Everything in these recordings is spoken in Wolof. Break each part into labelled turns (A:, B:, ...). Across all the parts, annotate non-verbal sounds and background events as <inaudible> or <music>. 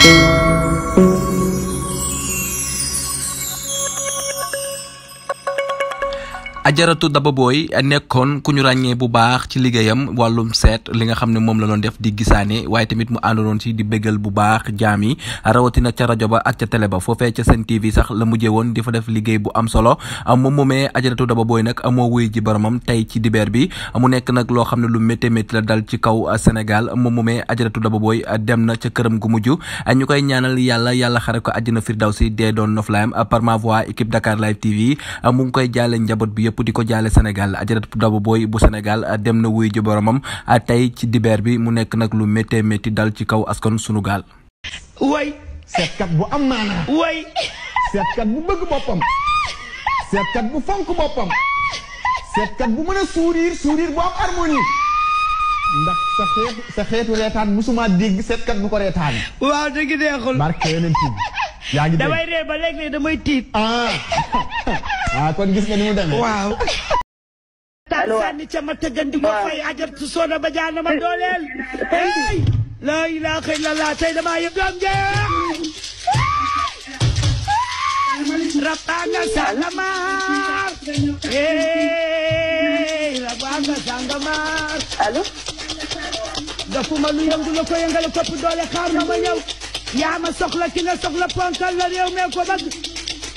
A: thank you ajaratu Daba Boye nekkoon ku ñu ràññee bu baax ci liggéeyam wàllum seet li xam ne moom la doon def di gisaane waaye tamit mu àndaloon ci di bégal bu baax jaam yi rawatina ca rajo ba ak ca télé ba ca seen TV sax la mujjee woon di fa def liggéey bu am solo moom moomee ajaratu Daba Boye nag moo wuy ji boromam tey ci dibeer bi mu nekk nag loo xam ne lu métti métti la dal ci kaw Sénégal moom moomee ajaratu Daba Boye dem na ca këram gu mujj ñu koy ñaanal yàlla yàlla xare ko àjjana firdawsi dee doon noflaayam par ma voix équipe Dakar Live TV mu ngi koy jaale njaboot bi yëpp di ko jaale Sénégal Ajaratu Daba Boy bu a ah, dem na wuy ji a ah, tey ci dibeer bi mu nekk nag lu méttee métti dal ci kaw askan sunu gaal. way seetkat bu am maanaa. way seetkat bu bëgg boppam. seetkat bu fonk boppam. a am harmonie. ndax sa xeetu sa su reetaan musuma dégg seetkat bu ko reetaan. waaw dëgg neexul. <laughs> ah kon gis nga ni mu ca ma tëggandi ma fay ajartu soona ba jaana ma dooleel. hey laa ilaaha illallah tey damaa yëg doom jee. lu yëngu la ko yëngal kopp xaar na ma ñëw. yaa soxla ki soxla ponkal la réew mee ko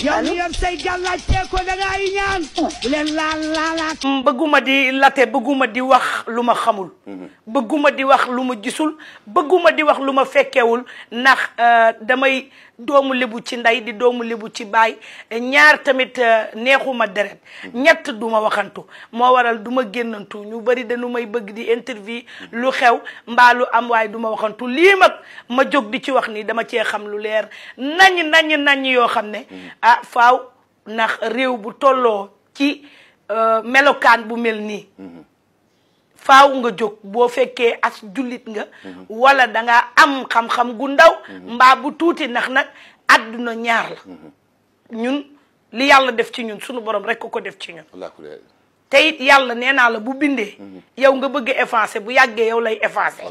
A: yow mi yor say gàllaajtee ko da ngaa yi ñaan bu leen laal laalaat bëgguma di late bëgguma di wax lu ma xamul mm-hmm. bëgguma di wax lu ma gisul bëgguma di wax lu ma fekkeewul ndax euh, damay doomu lebu ci ndey di doomu lebu ci baay ñaar tamit euh, neexuma deret ñett duma waxantu moo waral duma génnantu ñu bari danu may bëgg di interview lu xew mbaa am waaye duma waxantu lii mag ma jóg di ci wax nii dama cee xam lu leer nañ nañ nañ yoo xam ne mm. ah faaw ndax réew bu tolloo ci euh, melokaan bu mel nii mm-hmm. faaw nga jóg boo fekkee as jullit nga mhm. wala danga am xam-xam gu ndaw mhm. mbaa bu tuuti ndax nag àdduna ñaar la mhm. ñun li yàlla def ci ñun sunu borom rekk ko def ci ñun te yàlla nee naa la bu bindee yow nga bëgg effacé bu yàggee yow lay effacé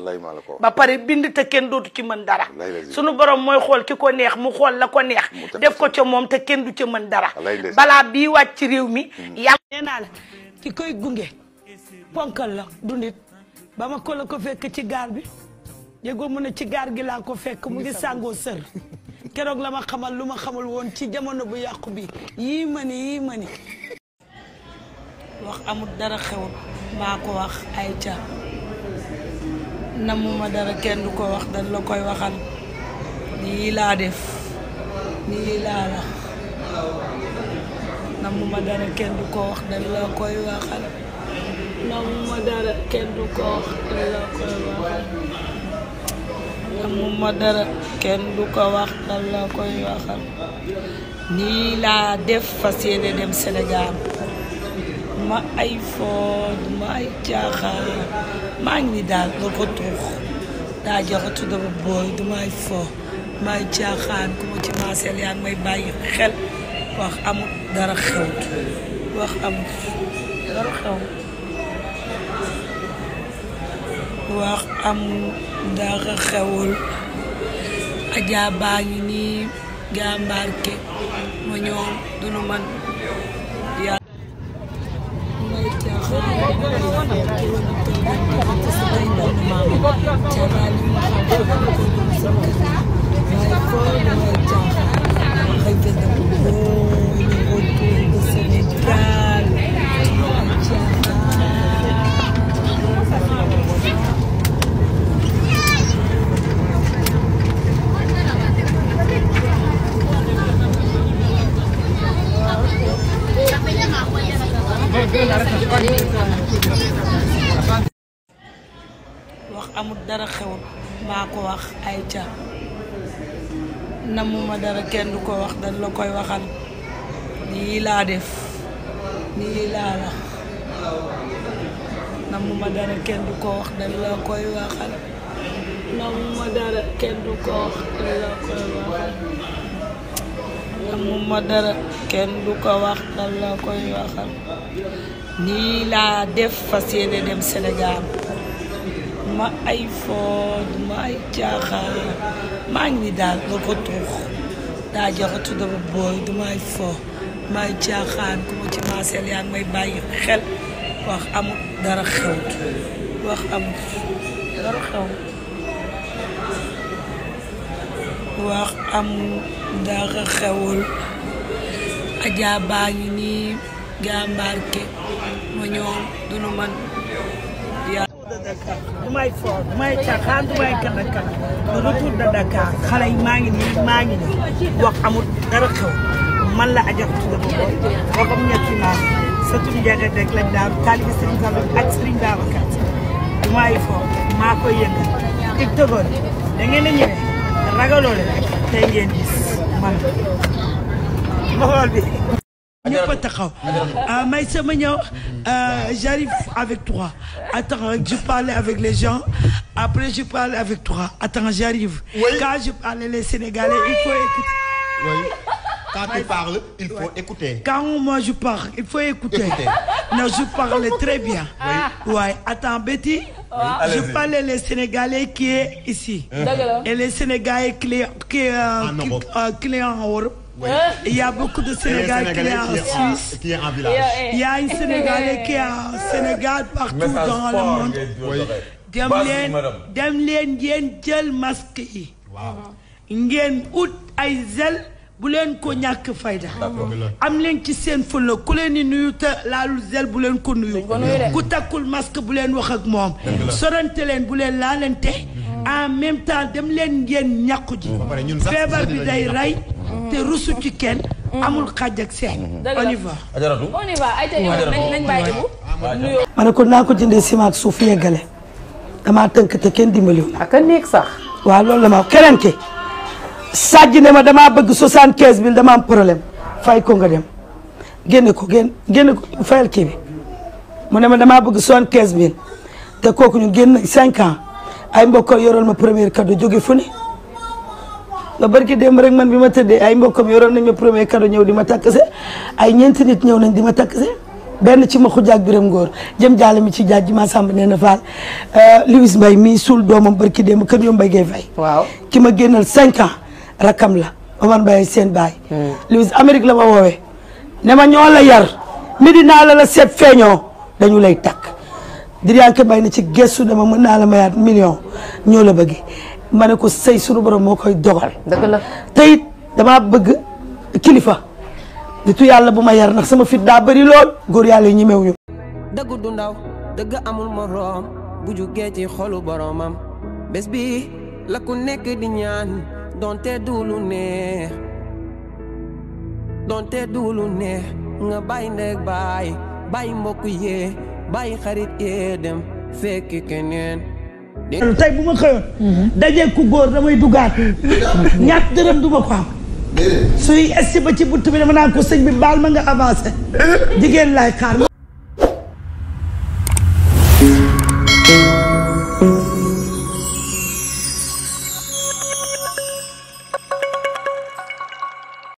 A: ba pare bind te kenn dootu ci mën dara sunu borom mooy xool ki ko neex mu xool la ko neex def ko ca moom te kenn du ca mën dara balaa bii wàcc ci réew mi yàlla nee la ki koy gunge ponkal la du nit ba ma ko ko fekk ci gaar bi yëgoo mu ne ci gaar gi laa ko fekk mu ngi sàngoo sër keroog la ma xamal lu ma xamul woon ci jamono bu yàqu bi yii ma ni yii wax amul dara xew maa ko wax ay ca namuma dara kenn du ko wax dañ la la koy waxal namu ma dara ko wax laa ma dara kenn du ko wax laa laa def fas yéene dem Sénégal ma ay food ma ay caaxaan maa ngi daal nga ko daa joxatu dama booy du may foo may caaxaan ku ma ci maaseel yaa may bàyyi xel wax amul dara xewut wax amul dara xewut wax amul dara xewul baa ngi nii gàmbaarke ma ñëw dunu man yàlla maa ko wax ay ca namuma dara kenn du ko wax dañ la koy waxal nii laa def nii laa la namuma dara kenn du ko wax dañ la koy waxal namuma dara kenn du ko wax dañ la nii laa def fas yéene dem Sénégal ma ay foo du ma ay caaxaan maa ngi nii daal nga ko tuux daa joxatu dama booy du ma ay foo du ma ay caaxaan ku ma ci maaseel yaa may bàyyi xel wax amul dara xewut wax amul dara xewut wax amul dara xewul ajaa baa ngi ma ñoom du nu man du may fo du may caaxaan du may kala kala le retour de Dakar xale yi maa ngi nii maa ngi nii wax amul dara xew man la ajatu la ko boppam ñetti naa sa tur njëkk rek lañ daal taalibe Serigne Fallou ak Serigne Babacar du may fo maa koy yëngal tiktokoor da ngeen a ñëwee ragaloo leen tey ngeen gis man ma bi. ñëpp a taxaw ah, may sama ñëw euh, j'arrive avec toi attends je parle avec les gens après je parle avec toi attends j'arrive quand je parle les Sénégalais il faut écouter oui
B: quand tu parles
A: il faut écouter quand moi je parle il faut écouter non je parle très bien waaye attends Betty je parle les Sénégalais qui est ici et les Sénégalais qui est euh, euh, en Europe Oui. Il y a beaucoup de Sénégalais, Sénégalais qui est en a une Sénégalais qui est en <laughs> Sénégal partout dans le monde. Oui. dem leen dem leen ngeen jël masque yi. waaw ut ay zel bu leen ko ñàkk fayda. am leen ci seen fulla ku leen di nuyu te laalu zel bu leen ko nuyu. ku takkul masque bu leen wax ak moom. sorante leen bu leen laalante. Mm-hmm. en même temps dem leen ngeen ñàkku ji. feebar bi <laughs> day rey. te rusu ci kenn. amul xàjj mm-hmm. ah, ma ne naa ko jëndee ciment ak suuf damaa tënk te kenn dimbaliwul. ak ah, a nekk sax. waaw loolu la ma keneen ki ne ma damaa bëgg soixante quinze mille dama am problème fay ko nga dem génne ko génn génne kii bi mu ne ma damaa bëgg soixante quinze mille te kooku ñu génn cinq ans ay mbokk yore ma premier cadeau jóge fu ne. ba barki démb rek man bi ma tëddee ay mbokkam yoroon nañ ma premier cadeau ñëw di ma takk see ay ñeenti nit ñëw nañ di ma takk benn ci ma xujaak biram ngoor jëm jaale mi ci jaaj ji ma sàmb nee na faal euh, Louis Mbaye mii suul doomam barki démb kër yo mbay gay fay waaw ki ma génnal cinq an rakam la Omar Mbaye seen baay hmm. Louis Amérique la ma woowee ne ma ñoo la yar mi naa la la seet feeñoo dañu lay takk diriyanke bay na ci gestu dama mën naa la mayaat million ñoo la bëggee ma ne ko sëy sunu borom moo koy dogal. dëgg dama bëgg kilifa. nitu yàlla bu ma yar ndax sama fit daa bëri lool góor yàlla yi ñemewuñu. dëgg du ndaw dëgg amul moroom bu jugee ci xolu boromam bés bi la ku nekk di ñaan donte du lu neex donte du lu neex nga bàyyi ndeg bàyyi bàyyi mbokk yee bàyyi xarit yee dem keneen. tey bu ma xëyoon. Mhm. dajee ku góor damay duggaat <laughs> ñaat dërëm du ma ko am. suy est ba ci butt bi dama naan ko sëñ bi baal ma nga avancé jigéen laay xaar.